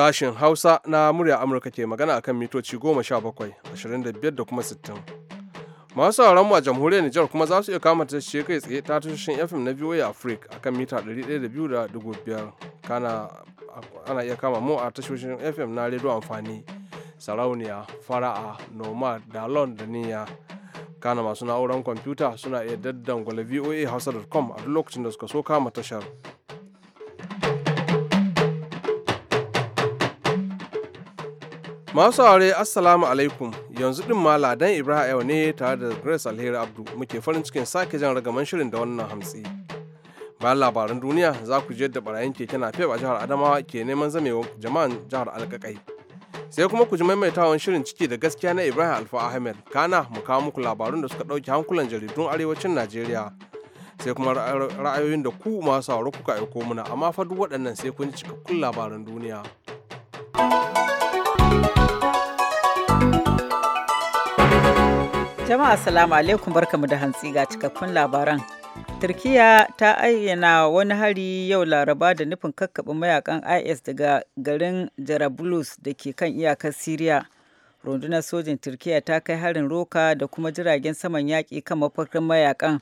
Sashen Hausa na murya Amurka ke magana akan mitoci 17, 25 da kuma 60. Masu sauran mu a jamhuriyar Nijar kuma za su iya kama ta ce kai tsaye ta tashoshin FM na VOA Africa akan mita 102.5 kana ana iya kama mu a tashoshin FM na radio amfani sarauniya fara'a noma dalon da niyya kana masu na'uran kwamfuta suna iya daddangwala voa hausa.com a duk lokacin da suka so kama tashar. Masu aure Assalamu alaikum yanzu din ma Ladan Ibrahim yau ne tare da Grace Alheri Abdu muke farin cikin sake jan ragaman shirin da wannan hamsi. Bayan labaran duniya za ku je yadda barayin keke na a jihar Adamawa ke neman zamewa jama'an jihar Alkakai. Sai kuma ku ji maimaitawan shirin ciki da gaskiya na Ibrahim Alfa Ahmed kana mu kawo muku labarun da suka ɗauki hankulan jaridun arewacin Najeriya. Sai kuma ra'ayoyin da ku masu aure kuka aiko muna amma fa duk waɗannan sai kun ji cikakkun labaran duniya. thank you Jama'a salamu alaikum barkamu da hantsi ga cikakkun labaran. Turkiya ta ayyana wani hari yau laraba da nufin kakkaɓe mayakan IS daga garin Jarablus da ke kan iyakar syria Rundunar sojin Turkiya ta kai harin roka da kuma jiragen saman yaƙi kan mafarkin mayakan.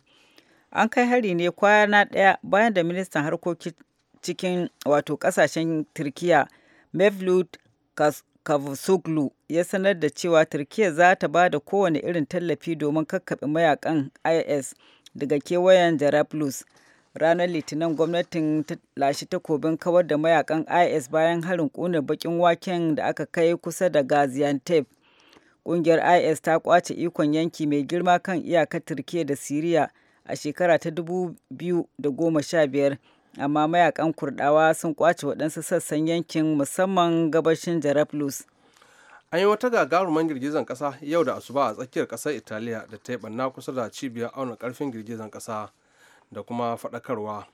An kai hari ne kwana ɗaya bayan da ministan harkokin cikin wato ƙasashen Turkiya Mevlut Cavusoglu ya sanar da cewa Turkiyya za ta ba da kowane irin tallafi domin kakkaɓe mayakan IS daga kewayen Jarablus. Ranar Litinin gwamnatin ta lashe takobin kawar da mayakan IS bayan harin ƙunar baƙin waken da aka kai kusa da Gaziantep. Ƙungiyar IS ta ƙwace ikon yanki mai girma kan iyakar Turkiyya da Siriya a shekara ta 2015. amma mayakan kurdawa sun kwace waɗansu sassan yankin musamman gabashin jarablus an yi wata gagaruman girgizan kasa yau da asuba a tsakiyar kasar italiya da ta yi banna kusa da cibiyar auna karfin girgizan kasa da kuma faɗakarwa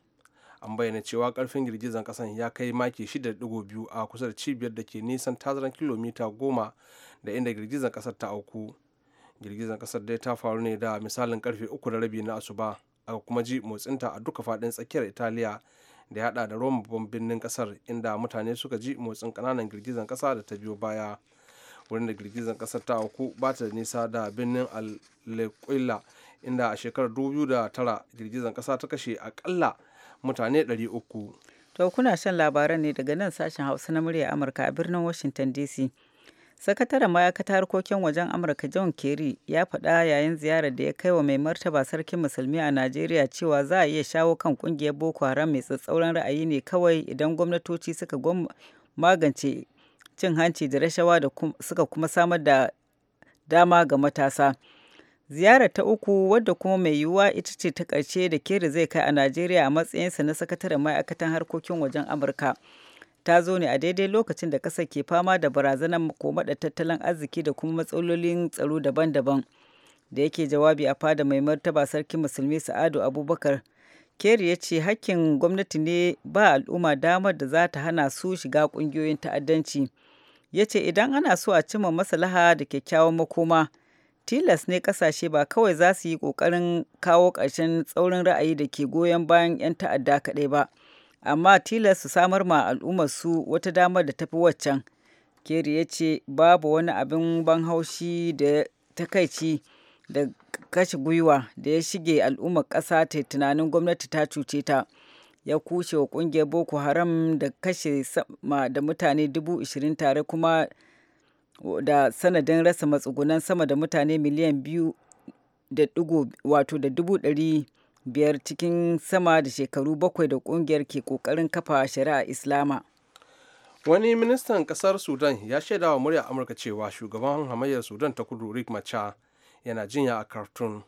an bayyana cewa karfin girgizan kasan ya kai maki 6.2 a kusa da cibiyar da ke nisan tazaran kilomita 10 da inda girgizan ƙasar ta auku girgizan kasar dai ta faru ne da misalin karfe uku da rabi na asuba aka kuma ji motsinta a duka faɗin tsakiyar italiya da ya hada da roma babban birnin kasar inda mutane suka ji motsin kananan girgizan kasa da ta biyo baya wurin da girgizan kasar ta auku ba ta da nisa da birnin alekwila inda a shekarar 2009 girgizan kasa ta kashe akalla mutane 300 to kuna shan labaran ne daga nan sashen hausa na murya amurka a birnin washington dc sakataren ma'aikatar harkokin wajen amurka john kerry ya faɗa yayin ziyarar da ya kai wa mai martaba sarkin musulmi a najeriya cewa za a iya shawo kan kungiyar boko haram mai tsatsauran ra'ayi ne kawai idan gwamnatoci suka magance cin hanci da rashawa da suka kuma samar da dama ga matasa ziyarar ta uku wadda kuma mai yiwuwa ita ce ta ƙarshe da kerry zai kai a najeriya a matsayinsa na sakataren ma'aikatan harkokin wajen amurka ta zo ne a daidai lokacin da ƙasar ke fama da barazanar komaɗa tattalin arziki da kuma matsalolin tsaro daban-daban da yake jawabi a fada mai martaba sarkin musulmi sa'adu abubakar keri ya ce hakkin gwamnati ne ba al'umma damar da za ta hana su shiga ƙungiyoyin ta'addanci ya ce idan ana so a cima maslaha da kyakkyawan makoma tilas ne kasashe ba kawai za su yi ƙoƙarin kawo ƙarshen tsaurin ra'ayi da ke goyon bayan 'yan ta'adda kaɗai ba. amma tilas su samar ma su wata damar da tafi waccan. keri ya ce babu wani abin ban haushi da takaici da kashe gwiwa da ya shige al'ummar ƙasa ta tunanin gwamnati ta cuce ta. Ya kushe wa ƙungiyar Boko Haram da kashe sama da mutane dubu ishirin tare kuma da sanadin rasa matsugunan sama da mutane miliyan biyu da dubu ɗari biyar cikin sama da shekaru bakwai da kungiyar ke kokarin kafa shari'a islama wani ministan kasar sudan ya shaida wa murya amurka cewa shugaban hamayyar sudan ta kudu rick macha yana jinya a khartoum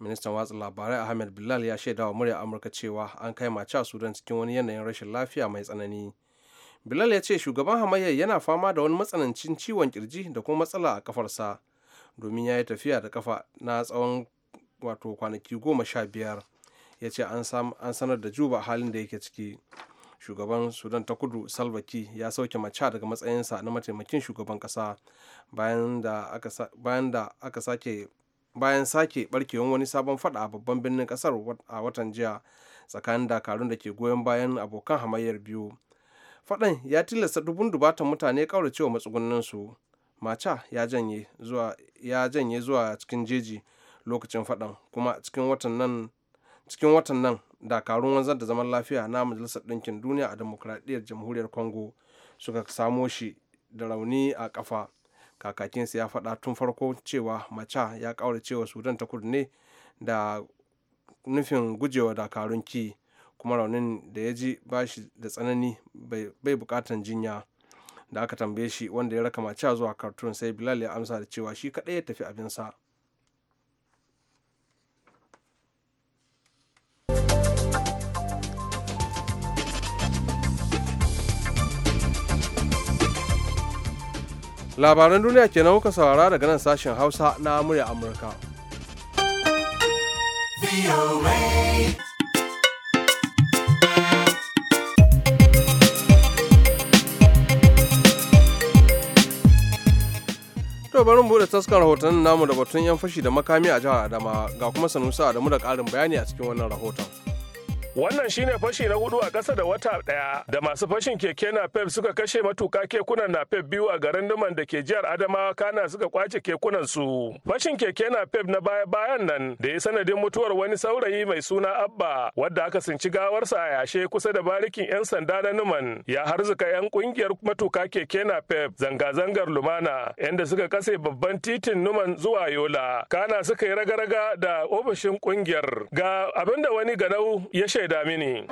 ministan watsa labarai ahmed bilal ya shaida wa murya amurka cewa an kai macha sudan cikin wani yanayin rashin lafiya mai tsanani bilal ya ce shugaban hamayyar yana fama da wani matsanancin ciwon kirji da kuma matsala a kafarsa domin ya yi tafiya da kafa na tsawon wato kwanaki goma sha biyar ya ce an sanar da juba halin da yake ciki shugaban sudan ta kudu salbaki ya sauke maca daga matsayinsa na mataimakin shugaban kasa bayan da aka sake bayan sake barkewan wani sabon fada a babban birnin kasar a watan jiya tsakanin dakarun da ke goyon bayan abokan hamayyar biyu fadan ya tilasta dubun dubatan mutane kauracewa matsugunninsu maca ya janye zuwa cikin jeji lokacin faɗan kuma cikin watan nan dakarun wanzar da zaman lafiya na majalisar ɗinkin duniya a demokuraɗiyyar jamhuriyar congo suka samo shi da rauni a kafa kakakinsa ya faɗa tun farko cewa maca ya ƙaura cewa sudan ta kudu ne da nufin gujewa dakarun ki kuma raunin da ya ji bashi da tsanani bai bukatan jinya da aka tambaye shi wanda ya raka maca zuwa kartun sai bilal ya amsa da cewa shi kaɗai ya tafi abinsa labaran duniya kenan kuka saurara daga nan sashen hausa na murya amurka To bari mu bude taskar rahoton namu da batun 'yan fashi da makami a jihar adama ga kuma sanusa Adamu da ƙarin bayani a cikin wannan rahoton. Wannan shine fashi na hudu a ƙasa da wata ɗaya da masu fashin keke na napep suka kashe matuka kekunan na Pep biyu a garin Duman da ke jihar Adamawa Kana suka kwace kekunan su. Fashin keke na napep na baya-bayan nan da ya sanadin mutuwar wani saurayi mai suna Abba wadda aka sinci gawarsa a yashe kusa da barikin 'yan sanda na Numan ya harzuka 'yan kungiyar matuka keke na napep zanga-zangar lumana yanda suka kase babban titin Numan zuwa Yola. Kana suka yi raga-raga da ofishin kungiyar. Ga abinda wani ganau ya shaida dhaamin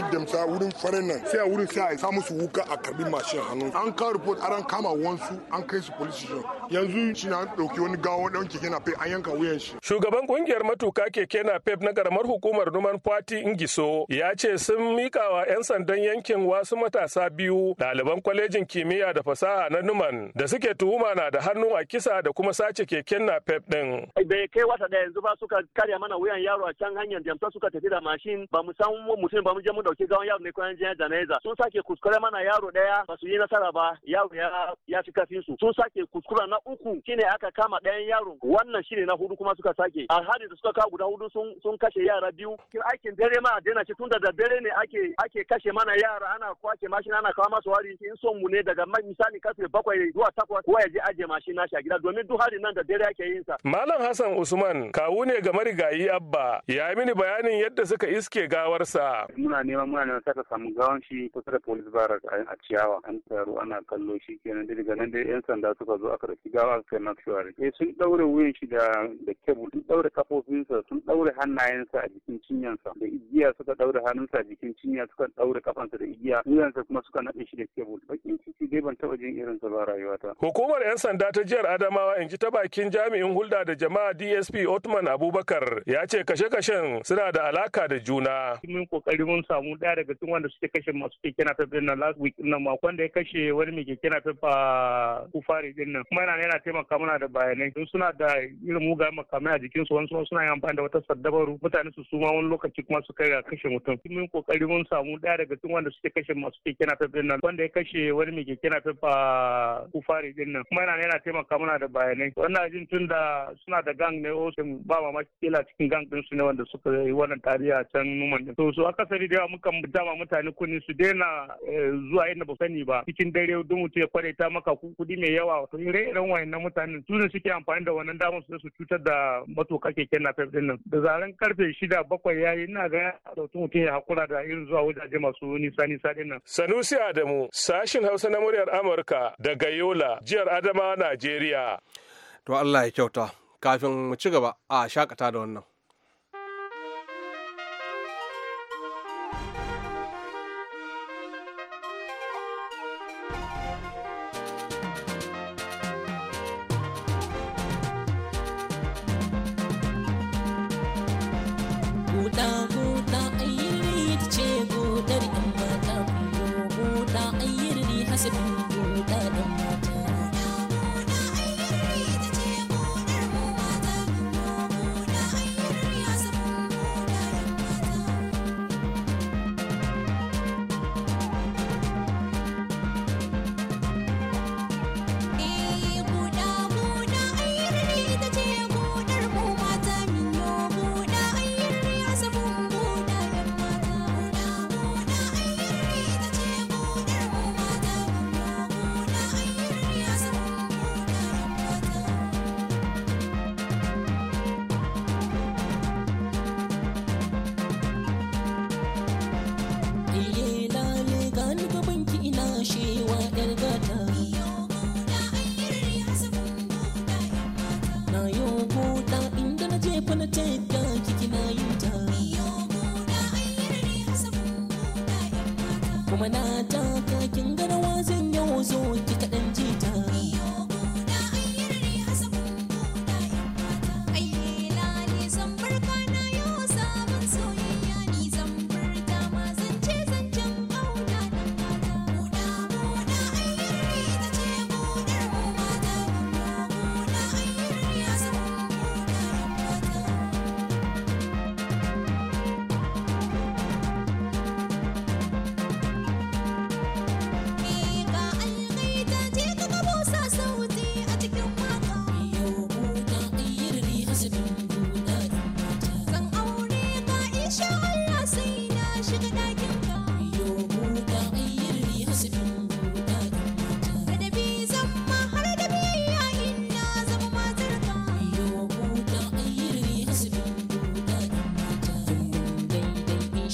big damsa wurin farin nan sai a wurin sai a samu su wuka a karbi mashin hannu an kawo report aran kama wansu an kai su police station yanzu shi na dauki wani gawo dan keke na an yanka wuyan shi shugaban kungiyar matuka keke na na karamar hukumar numan fati ingiso ya ce sun mika wa yan sandan yankin wasu matasa biyu ɗaliban kwalejin kimiyya da fasaha na numan da suke tuhuma na da hannu a kisa da kuma sace keken na pep din bai kai wata da yanzu ba suka karya mana wuyan yaro a can hanyar jamta suka tafi da mashin ba mu san mutum ba mu je mu ɗauki gawan yaro ne kwanan jiya janaiza sun sake kuskure mana yaro daya ba su yi nasara ba yaro ya fi kafin su sun sake kuskura na uku shine aka kama ɗayan yaro wannan shine na hudu kuma suka sake a hadi da suka kawo guda hudu sun kashe yara biyu kin aikin dare ma daina ci tun da dare ne ake ake kashe mana yara ana kwace mashin ana kawo masu wari in son mu ne daga misali kafe bakwai zuwa takwas kowa ya je aje mashin nashi a gida domin duk hali nan da dare ake yin sa malam hassan usman kawu ne ga marigayi abba ya mini bayanin yadda suka iske gawarsa muna ne neman muna nan saka samu gawan shi kusa da police barrack a ciyawa an taro ana kallo shi kenan da daga nan dai yan sanda suka zo aka ɗauki gawa aka kai mortuary eh sun ɗaure wuyan shi da da kebu sun ɗaure kafofinsa sun ɗaure hannayensa a jikin cinyansa da igiya suka ɗaure hannunsa a jikin cinya suka ɗaure kafansa da igiya wuyansa kuma suka naɗe shi da kebu bakin ciki dai ban taɓa jin irin sa ba rayuwata. Hukumar 'yan sanda ta jihar Adamawa in ji ta bakin jami'in hulɗa da jama'a DSP Otman Abubakar ya ce kashe-kashen suna da alaka da juna. Mun kokari mun sa samu ɗaya daga cikin wanda suke kashe masu keke na fef nan last week nan makon da ya kashe wani mai keke na fef a kufari din nan kuma yana yana taimaka mana da bayanai don suna da irin muga makamai a jikin su. wani suna yin amfani da wata saddabaru mutane su suma wani lokaci kuma su kai ga kashe mutum mun kokari mun samu ɗaya daga cikin wanda suke kashe masu keke na fef din nan wanda ya kashe wani mai keke na fef a kufari din nan kuma yana yana taimaka mana da bayanai wannan jin tun da suna da gang ne ba mamaki kila cikin gang din su ne wanda suka yi wannan tarihi a can numan to su akasari da muka dama mutane kunne su daina eh, zuwa inda ba sani ba cikin dare don mutum ya kwadaita maka kuɗi mai yawa to ire-iren wayannan mutane su ne suke amfani da wannan damar su su cutar da matuƙa keke na fef nan da zaren karfe shida bakwai ya yi, ina ga ya mutum ya hakura da irin zuwa wajaje masu nisa nisa din nan. Sanusi Adamu sashin Hausa na muryar Amurka daga Yola jihar adama Najeriya. To Allah ya kyauta kafin mu ci gaba a shakata da wannan. buɗa buɗa ayyar ce buɗar in mata buɗa ayyar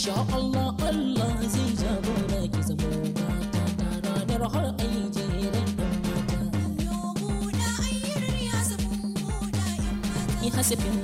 insha Allah Allah zai jagora ki zama mata ta ranar har ayi jeren dan mata. Yo buɗa ayyar ya zama buɗa yan mata. Ni hasafin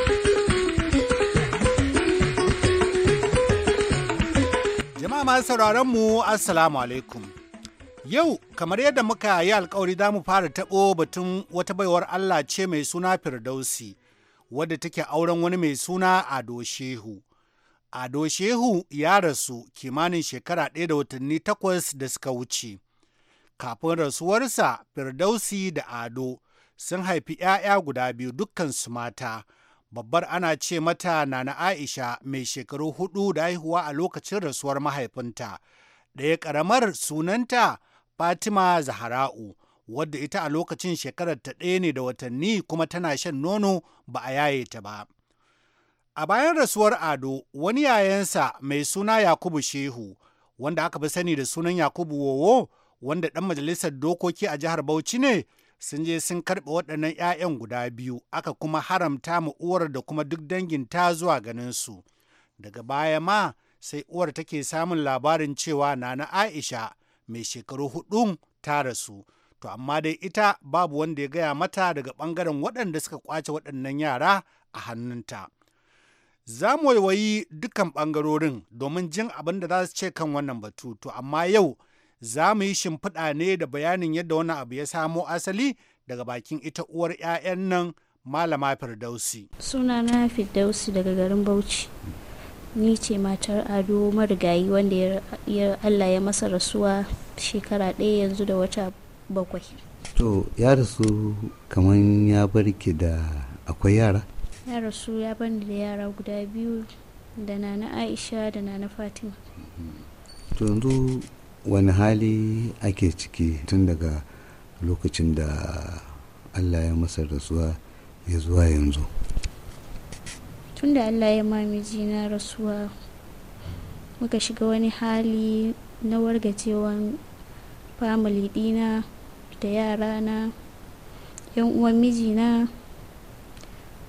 Jama'a masu sauraron mu Assalamu alaikum. Yau kamar yadda muka yi alkawari za mu fara taɓo batun wata baiwar Allah ce mai suna Firdausi wadda take auren wani mai suna Ado Shehu. Ado Shehu ya rasu kimanin shekara ɗaya da watanni takwas da suka wuce. Kafin rasuwarsa Firdausi da Ado sun haifi ‘ya'ya guda biyu dukkansu mata. babbar ana ce mata na na Aisha mai shekaru hudu da haihuwa a lokacin rasuwar mahaifinta. Ɗaya ƙaramar sunanta Fatima Zahara'u, wadda ita a lokacin shekarar ta ɗaya ne da watanni kuma tana shan nono ba a yaye ta ba. A bayan rasuwar Ado, wani yayansa mai suna Yakubu Shehu, wanda aka fi sani da sunan Yakubu Wowo, wanda ɗan majalisar dokoki a jihar Bauchi ne, sun je sun karɓi waɗannan 'ya'yan guda biyu aka kuma haramta mu uwar da kuma duk dangin ta zuwa ganin su daga baya ma sai uwar take samun labarin cewa nana aisha mai shekaru hudun ta rasu to amma dai ita babu wanda ya gaya mata daga ɓangaren waɗanda suka kwace waɗannan yara a hannunta za mu waiwayi dukkan ɓangarorin domin jin abin da za su ce kan wannan batu to amma yau za mu yi shimfiɗa ne da bayanin yadda wani abu ya samo asali daga bakin ita uwar 'ya'yan nan malama firdausi suna na firdausi daga garin bauchi ni ce matar ado marigayi wanda ya allah ya masa rasuwa shekara ɗaya yanzu da wata bakwai to ya rasu kamar ya ki da akwai yara ya rasu ya bani da yara guda biyu da na aisha da na fatima to yanzu wani hali ake ciki tun daga lokacin da allah ya masa rasuwa ya zuwa yanzu tun da allah ya mamiji na rasuwa muka shiga wani hali na wargacewan famili dina da yarana yan uwan mijina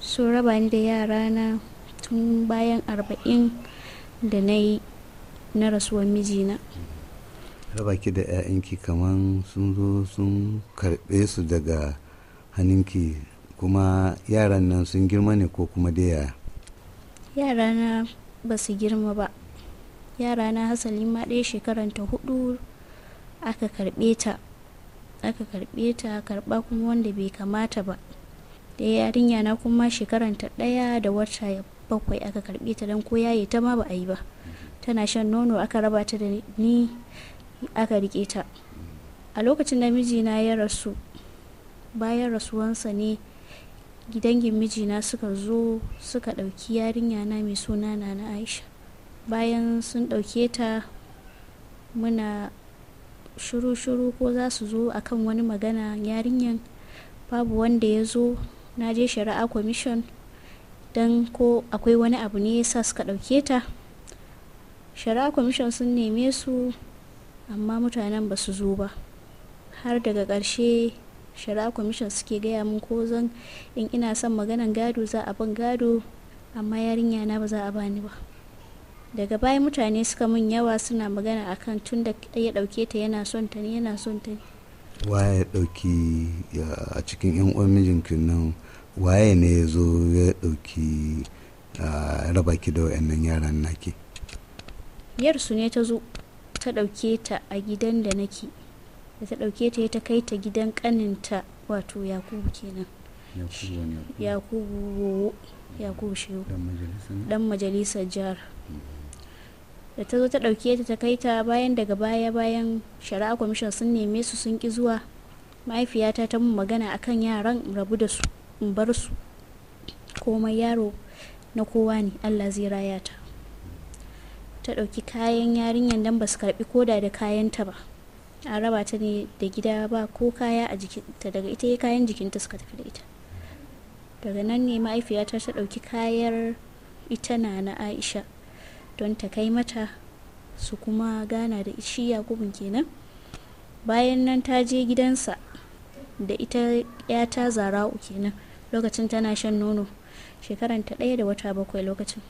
sun raba ni da yarana tun bayan arba'in da na yi na rasuwan mijina raba ki da 'ya'yanki kamar sun zo sun karɓe su daga hannunki kuma yaran nan sun girma ne ko kuma da yaya yarana ba su girma ba yara na hasali ma ɗaya shekaranta hudu aka karɓe ta aka karɓe ta karɓa kuma wanda bai kamata ba da yarinya na kuma shekaranta ɗaya da wata bakwai aka karɓe ta don ko yaye ta ma ba a yi ba tana shan nono aka raba ta da ni aka rike ta a lokacin da mijina ya rasu bayan rasuwansa ne gidangin mijina suka zo suka ɗauki yarinya na mai suna na na aisha bayan sun ɗauke ta muna shuru-shuru ko za su zo akan wani magana yarinyan babu wanda ya zo na je shari'a commission don ko akwai wani abu ne ya sa suka ɗauke ta shari'a commission sun neme su amma mutanen ba su zo ba har daga ƙarshe shari'a kwamishin suke gaya mun ko zan in ina son maganan gado za a ban gado amma yarinya na ba za a bani ba daga baya mutane suka mun yawa suna magana akan tun da ya ɗauke ta yana son ta ne yana son ta ne waye ya ɗauki a cikin yan uwan mijinkin nan waye ne ya zo ya ɗauki raba ki da wayannan yaran naki yar su ne ta zo ta ɗauke ta a gidan da nake da ta ɗauke ta ta kai ta gidan ƙaninta wato yakubu kenan yakubu yakubu dan majalisar jihar mm. da ta zo ta ɗauke ta ta kai ta bayan daga baya bayan shari'a kwamishin sun neme su sun ƙi zuwa mahaifiyata ta mun magana akan yaran rabu da su in bar su komai yaro na kowa ne allah zai raya ta ta ɗauki kayan yarinyar don ba su karɓi koda da kayanta ba an raba ta ne da gida ba ko kaya a jikinta daga ita ya kayan jikinta suka tafi da ita daga nan ne ma'aifiyata ta ɗauki kayar ita na na aisha don ta kai mata su kuma gana da shi yakubun kenan bayan nan ta je gidansa da ita yata zara'u kenan lokacin tana shan nono shekaranta ɗaya da wata bakwai lokacin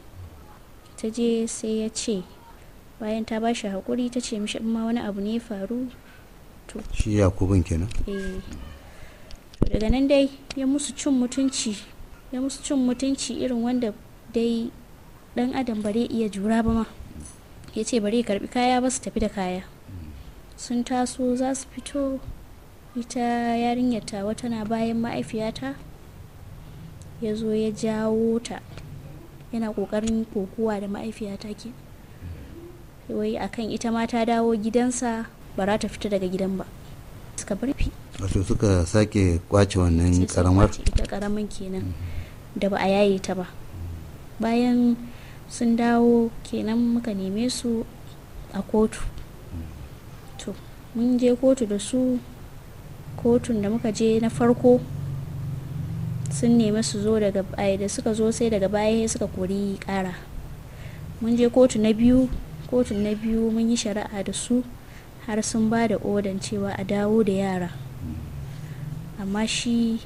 ta je sai ya ce bayan ta bashi haƙuri ta ce mishi ma wani abu ne faru to shi kenan eh daga nan dai ya musu cin mutunci ya musu cin mutunci irin wanda dai dan adam bare iya jura ba ma ya ce bare karbi kaya ba su tafi da kaya sun taso za su fito ita yarinyar wata na bayan ma'aifiyata ya zo ya jawo ta yana kokarin kokuwa da ma'aifiyata ke wai kan ita ma ta dawo gidansa ba za ta fita daga gidan ba suka barfi wato suka sake kwace wannan karamar ita karamin kenan da ba a yaye ta ba bayan sun dawo kenan muka neme su a kotu to mun je kotu da su kotun da muka je na farko sun nemi su zo daga baya da suka zo sai daga baya suka kori kara mun je kotu na biyu kotu na biyu mun yi shari'a da su har sun ba da odan cewa a dawo da yara amma shi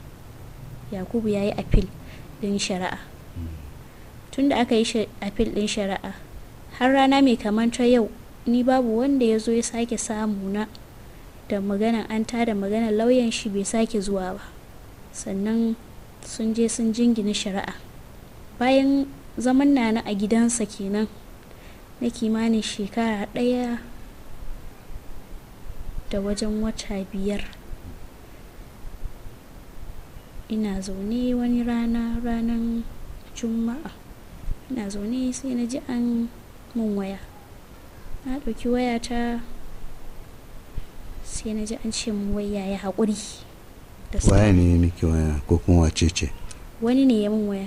yakubu ya yi apil din shari'a tun da aka yi apil din shari'a har rana mai kamanta yau ni babu wanda ya zo ya sake samu na da maganan an tada maganan lauyan shi bai sake zuwa ba sannan sun je sun jingina shari'a bayan zaman nana a gidansa kenan na kimanin shekara ɗaya da wajen wata biyar ina zaune wani rana ranar juma'a ina zaune sai na ji an mun waya na ɗauki wayata sai na ji an ce mun wai ya haƙuri waye ne ya miki waya ko kuma wace ce wani ne ya min waya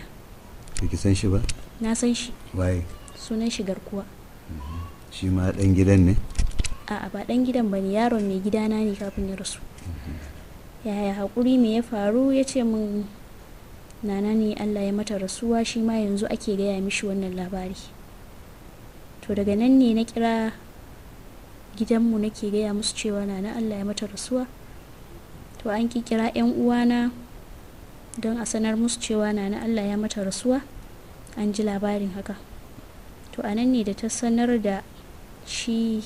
ki san shi ba na san shi waye sunan shi garkuwa mhm. shi ma dan gidan ne a'a ba dan gidan ba ne yaron mai gidana ne kafin ya rasu mhm. yaya hakuri me ya faru ya ce min nana ne allah ya mata rasuwa shi ma yanzu ake gaya mishi wannan labari to daga nan ne na kira gidanmu nake gaya musu cewa nana allah ya mata rasuwa to an kira 'yan uwana don a sanar musu cewa na na allah ya mata rasuwa an ji labarin haka to a nan ne da ta sanar da shi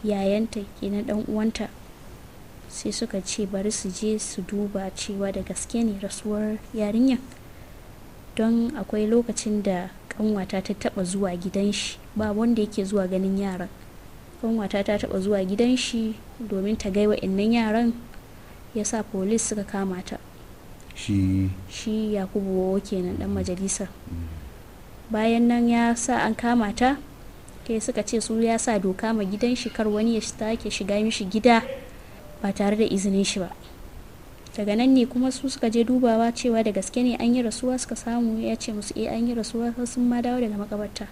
yayanta kenan dan uwanta sai suka ce bari su je su duba cewa da gaske ne rasuwar yarinyar don akwai lokacin da kanwata ta taba zuwa gidan shi ba wanda yake zuwa ganin yaran kanwata ta taba zuwa gidan shi domin ta gaiwa innan yaran ya sa polis suka kama ta shi shi yakubu wawo kenan dan mm. majalisar mm. bayan nan ya sa an kama ta kai suka ce su ya sa doka ma gidan shi kar wani ya ke shiga mishi gida ba tare da izinin shi ba daga nan ne kuma su suka je dubawa cewa da gaske ne an yi rasuwa suka samu ya ce musu eh an yi rasuwa sun ma dawo daga makabarta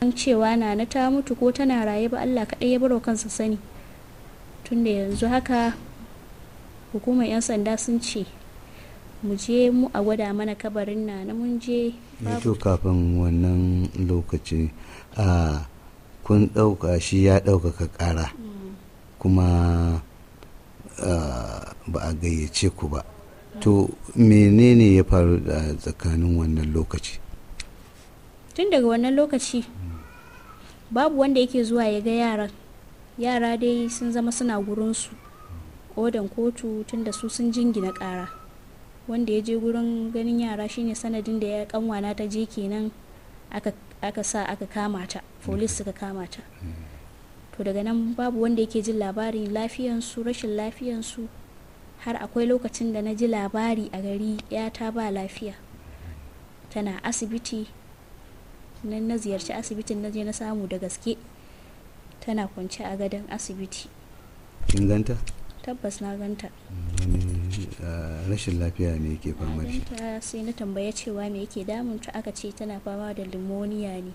an cewa na na ta mutu ko tana raye ba Allah kaɗai ya baro kansa sani tunda yanzu haka hukumar 'yan sanda sun ce mu je mu a gwada mana kabarin na na mun je eh to kafin wannan lokaci a kun ɗauka shi ya ɗaukaka ƙara mm. kuma ba a gayyace ku ba to menene ya faru da tsakanin wannan lokaci tun daga wannan lokaci babu wanda yake zuwa ya ga yaran yara dai sun zama suna gurinsu odan kotu tunda su sun jingina kara wanda ya je gurin ganin yara shine sanadin da ya kanwana ta je kenan aka sa aka kama ta polis suka kama ta to daga nan babu wanda yake jin labarin lafiyansu rashin lafiyansu har akwai lokacin da na ji labari a gari yata ba lafiya tana asibiti nan na ziyarci asibitin na je na samu da gaske tana kwance a gadon asibiti tabbas na ganta eh, rashin lafiya ne ke fama da shi sai na tambaya cewa me yake damun ta aka ce tana fama da limoniya ne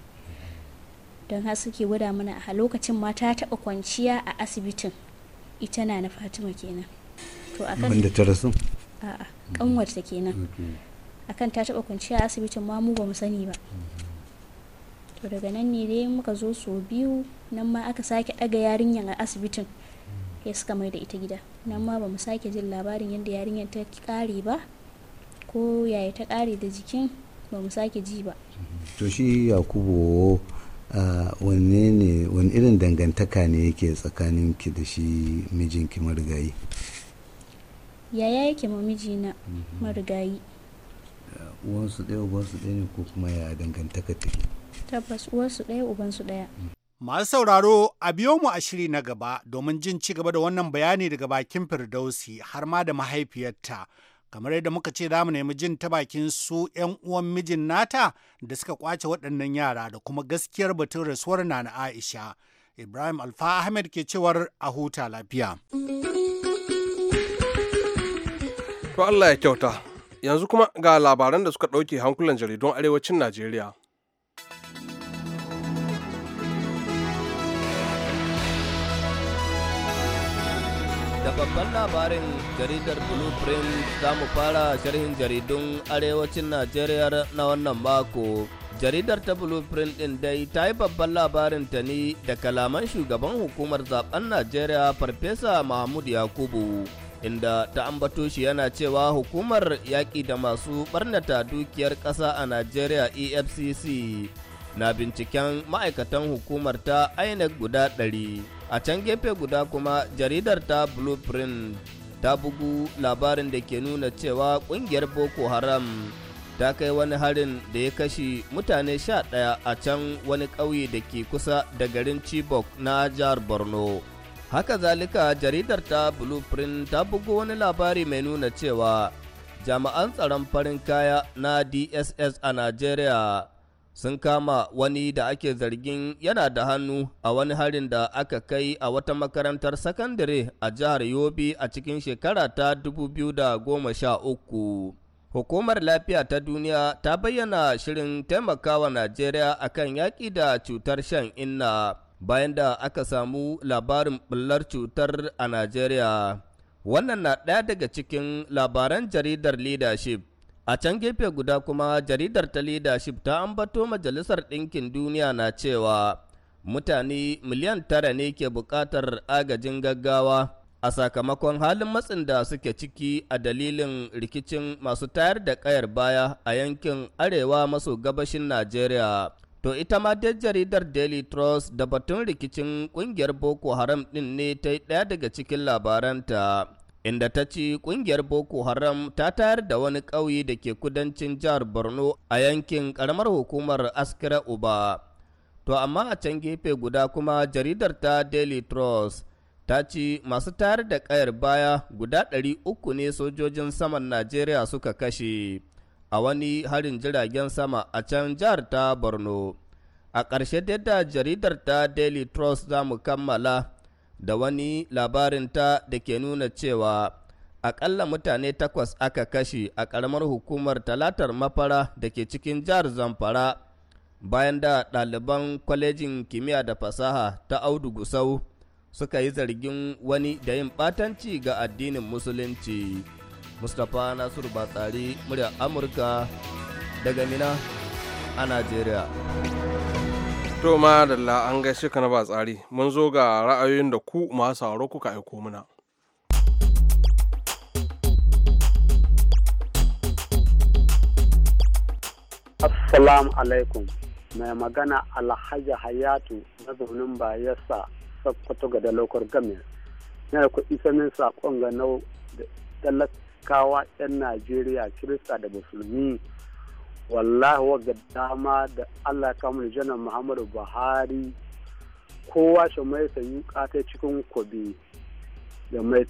don har suke gwada mana a lokacin ma ta taba kwanciya a asibitin ita na na fatima kenan to akan banda ta rasu a'a kanwarta kenan akan ta taba kwanciya a asibitin ma mu ba mu sani ba to daga nan ne dai muka zo so biyu nan ma aka sake daga yarinyan a asibitin ya suka mai da ita gida nan ma ba mu sake jin labarin yadda yarinyar ta kare ba ko yaya ta kare da jikin ba mu sake ji ba to shi yakubu wanne ne wani irin dangantaka ne yake tsakanin ki da shi mijinki marigayi yaya yake ma mijina marigayi uwansu ɗaya ubansu ɗaya ne ko kuma ya dangantaka take tabbas uwansu ɗaya ubansu ɗaya Masu sauraro a biyo mu a shiri na gaba domin jin ci gaba da wannan bayani daga bakin Firdausi har ma da mahaifiyarta. Kamar yadda muka ce zamu nemi jin ta bakin su 'yan uwan mijin nata da suka kwace waɗannan yara da kuma gaskiyar batun rasuwar na na Aisha. Ibrahim Alfa Ahmed ke cewar a huta lafiya. To Allah ya kyauta. Yanzu kuma ga labaran da suka ɗauke hankulan jaridun arewacin Najeriya. Da babban labarin jaridar Blueprint za mu fara sharhin jaridun arewacin Najeriya na wannan mako. Jaridar ta Blueprint ɗin dai ta yi babban labarin ta ne da kalaman shugaban hukumar zaben Najeriya Farfesa Mahmud Yakubu. inda ta ambato shi yana cewa hukumar yaƙi da masu ɓarnata dukiyar ƙasa a Najeriya EFCC na binciken ma'aikatan hukumar ta INEC guda ɗari. a can gefe guda kuma jaridar ta blueprint ta bugu labarin da ke nuna cewa kungiyar boko haram ta kai wani harin da ya kashe mutane sha ɗaya a can wani ƙauye da ke kusa da garin chibok na jihar borno haka zalika jaridar ta blueprint ta bugu wani labari mai nuna cewa jami'an tsaron farin kaya na dss a najeriya sun kama wani da ake zargin yana da hannu a wani harin da aka kai a wata makarantar sakandare a jihar Yobi a cikin shekara ta 2013. Hukumar Lafiya ta Duniya ta bayyana shirin taimakawa Najeriya a kan yaƙi da cutar shan inna bayan da aka samu labarin ɓullar cutar a Najeriya. Wannan na ɗaya daga cikin labaran jaridar leadership A can gefe guda kuma jaridar ta leadership ta ambato Majalisar Ɗinkin Duniya na cewa mutane miliyan tara ne ke buƙatar agajin gaggawa a sakamakon halin matsin da suke ciki a dalilin rikicin masu tayar da ƙayar baya a yankin arewa maso gabashin Najeriya. To ita ma dai jaridar Daily Trust da batun rikicin ƙungiyar Boko Haram ɗin ne ta yi ɗaya daga cikin labaranta. inda ta ce kungiyar Boko Haram ta tayar da wani ƙauye da ke kudancin jihar Borno a yankin ƙaramar hukumar Askira Uba. To amma a can gefe guda kuma jaridar ta Daily Trust ta ce masu tayar da ƙayar baya guda ɗari uku ne sojojin saman Najeriya suka kashe a wani harin jiragen sama a can jihar ta Borno. A ƙarshe da jaridar ta Daily Trust za mu kammala. da wani labarinta da ke nuna cewa akalla mutane takwas aka kashe a ƙaramar hukumar talatar mafara da ke cikin jihar zamfara bayan da ɗaliban kwalejin kimiyya da fasaha ta audu gusau suka yi zargin wani da yin ɓatanci ga addinin musulunci mustapha nasiru batsari murya amurka daga mina a najeriya To ma da an gaishe ka na ba tsari mun zo ga ra'ayoyin da ku masu sauraro kuka aiko mana. Assalamu alaikum mai magana Alhaji Hayatu mazaunin bayasa sakkwato ga dalokar ya Na ku isa min saƙon ga nau da talakawa 'yan Najeriya Kirista da Musulmi wallahi wagga dama da allah mun janar muhammadu buhari kowa shi mai sanyi kata cikin kwabe da mai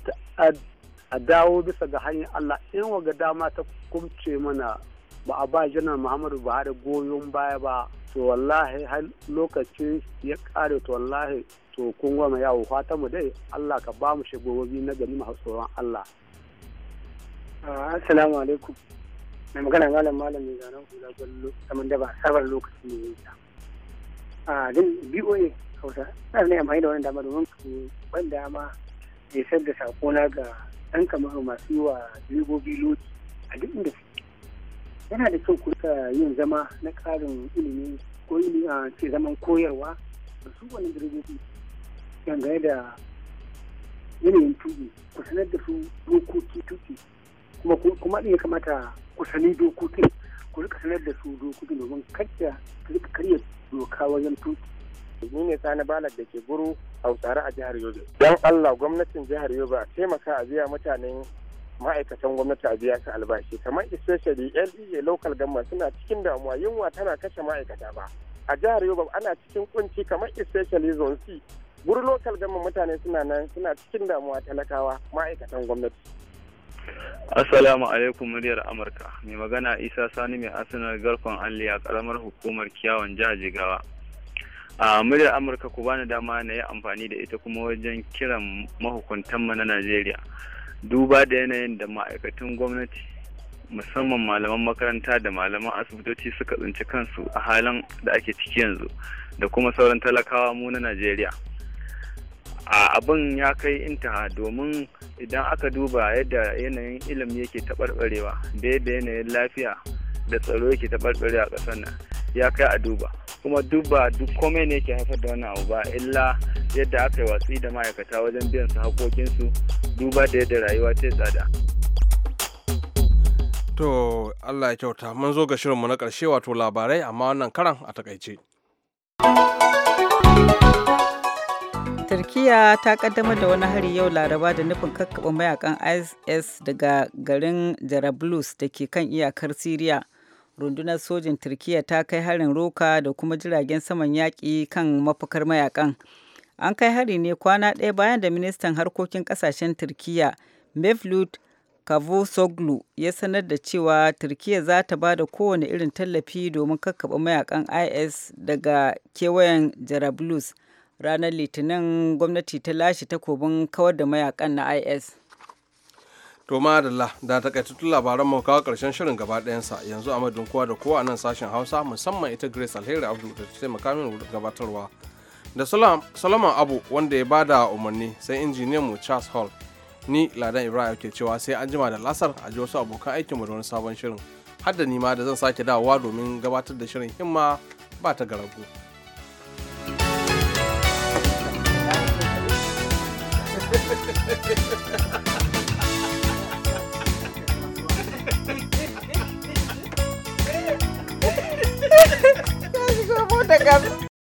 a dawo bisa ga hanyar allah in waga dama ta kumce mana ba a ba janar muhammadu buhari goyon baya ba to wallahi har lokaci ya kare to wallahi to kun goma yawo fata mu dai allah ka ba mu shigogobi na gani masu tsoron allah assalamu alaikum mai magana malam malam mai zanen hula gwallo da ba sabar lokaci ne yi ta a din boa hausa na ne amfani da wani dama domin ku ban dama ya sayar da sakona ga ɗan kamar masu yi wa direbobi lodi a duk inda suke yana da kyau kusa yin zama na karin ilimi ko ilimi a ce zaman koyarwa da su wani direbobi dangane da yanayin tuki ku sanar da su dokoki tuki kuma kuma ya kamata ku sani dokokin ku rika sanar da su dokokin domin kada ku rika karya doka wajen tuki ni ne sani balad da ke guru hausare a jihar yobe don allah gwamnatin jihar yobe a taimaka a biya mutanen ma'aikatan gwamnati a biya su albashi kamar especially lea local government suna cikin damuwa yunwa tana kashe ma'aikata ba a jihar yobe ana cikin kunci kamar especially zone c guru local government mutane suna nan suna cikin damuwa talakawa ma'aikatan gwamnati Assalamu alaikum muryar Amurka. Mai magana Isa Sani mai asinar garkon Alli a karamar hukumar kiyawan jihar Jigawa. A muryar Amurka ku bani dama na yi amfani da ita kuma wajen kiran mahukuntan na Najeriya. Duba da yanayin da ma'aikatan gwamnati musamman malaman makaranta da malaman asibitoci suka tsinci kansu a halin da ake ciki yanzu da kuma sauran talakawa mu na Najeriya. A abin ya kai intaha domin idan aka duba yadda yanayin ilimi yake taɓarɓarewa da yadda yanayin lafiya da tsaro yake taɓarɓarewa a ƙasar nan ya kai a duba kuma duba duk komai ne yake haifar da wannan abu ba illa yadda aka yi watsi da ma'aikata wajen biyan su haƙoƙinsu duba da yadda rayuwa ta tsada. To Allah ya kyauta mun zo ga shirinmu na karshe wato labarai amma wannan karan a takaice. turkiya ta kaddamar da wani hari yau laraba da nufin kakkaɓa mayakan is daga garin jarablus da ke kan iyakar siriya rundunar sojin turkiya ta kai harin roka da kuma jiragen saman yaƙi kan mafakar mayakan an kai hari ne kwana ɗaya bayan da ministan harkokin ƙasashen turkiya mevlut cavusoglu ya sanar da cewa turkiya za ta ba da kowane irin tallafi domin kakkaɓa mayakan is daga kewayen jarablus ranar litinin gwamnati ta lashe takobin kawar da mayakan na is to ma da takaitattun labaran mu kawo karshen shirin gaba ɗayansa yanzu a madun kowa da kowa a nan sashen hausa musamman ita grace alheri abdu da ta taimaka min gabatarwa da solomon abu wanda ya bada umarni sai injiniyan mu charles hall ni ladan ibrahim ke cewa sai an jima da lasar a ji wasu abokan mu da wani sabon shirin har da nima da zan sake dawowa domin gabatar da shirin himma ba ta garagu. Eu vou po, tagap.